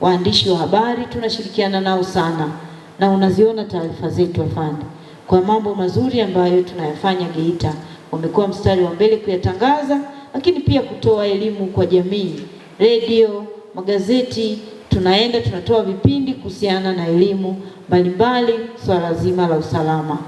waandishi wa habari tunashirikiana nao sana, na unaziona taarifa zetu afande, kwa mambo mazuri ambayo tunayafanya Geita. Wamekuwa mstari wa mbele kuyatangaza, lakini pia kutoa elimu kwa jamii, redio, magazeti tunaenda tunatoa vipindi kuhusiana na elimu mbalimbali, swala zima la usalama.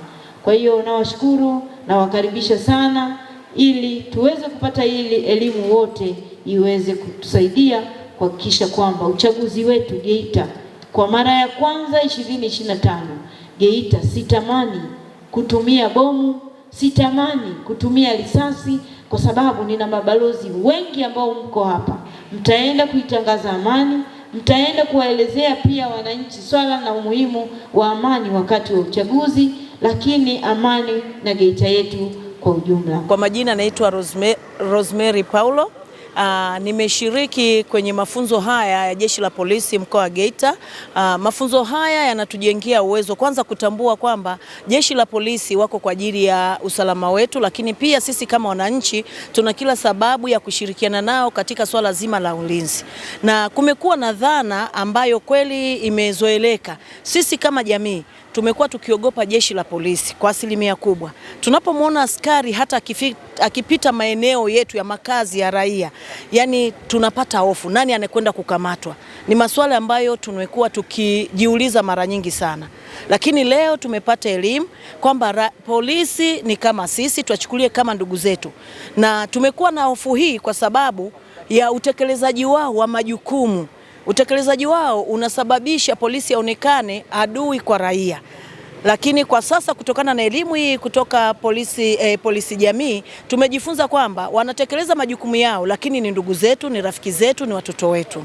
Kwa hiyo nawashukuru, nawakaribisha sana, ili tuweze kupata ili elimu wote iweze kutusaidia kuhakikisha kwamba uchaguzi wetu Geita kwa mara ya kwanza ishirini na tano Geita, sitamani kutumia bomu, sitamani kutumia risasi, kwa sababu nina mabalozi wengi ambao mko hapa, mtaenda kuitangaza amani, mtaenda kuwaelezea pia wananchi swala na umuhimu wa amani wakati wa uchaguzi, lakini amani na Geita yetu kwa ujumla. Kwa majina naitwa Rosemary Paulo Uh, nimeshiriki kwenye mafunzo haya ya Jeshi la Polisi mkoa wa Geita. Uh, mafunzo haya yanatujengea uwezo kwanza kutambua kwamba Jeshi la Polisi wako kwa ajili ya usalama wetu, lakini pia sisi kama wananchi tuna kila sababu ya kushirikiana nao katika swala zima la ulinzi. Na kumekuwa na dhana ambayo kweli imezoeleka, sisi kama jamii tumekuwa tukiogopa Jeshi la Polisi kwa asilimia kubwa. Tunapomwona askari hata akifika akipita maeneo yetu ya makazi ya raia, yani tunapata hofu, nani anakwenda kukamatwa? Ni masuala ambayo tumekuwa tukijiuliza mara nyingi sana, lakini leo tumepata elimu kwamba polisi ni kama sisi, tuachukulie kama ndugu zetu, na tumekuwa na hofu hii kwa sababu ya utekelezaji wao wa majukumu. Utekelezaji wao unasababisha polisi aonekane adui kwa raia. Lakini kwa sasa kutokana na elimu hii kutoka polisi, eh, polisi jamii tumejifunza kwamba wanatekeleza majukumu yao, lakini ni ndugu zetu, ni rafiki zetu, ni watoto wetu.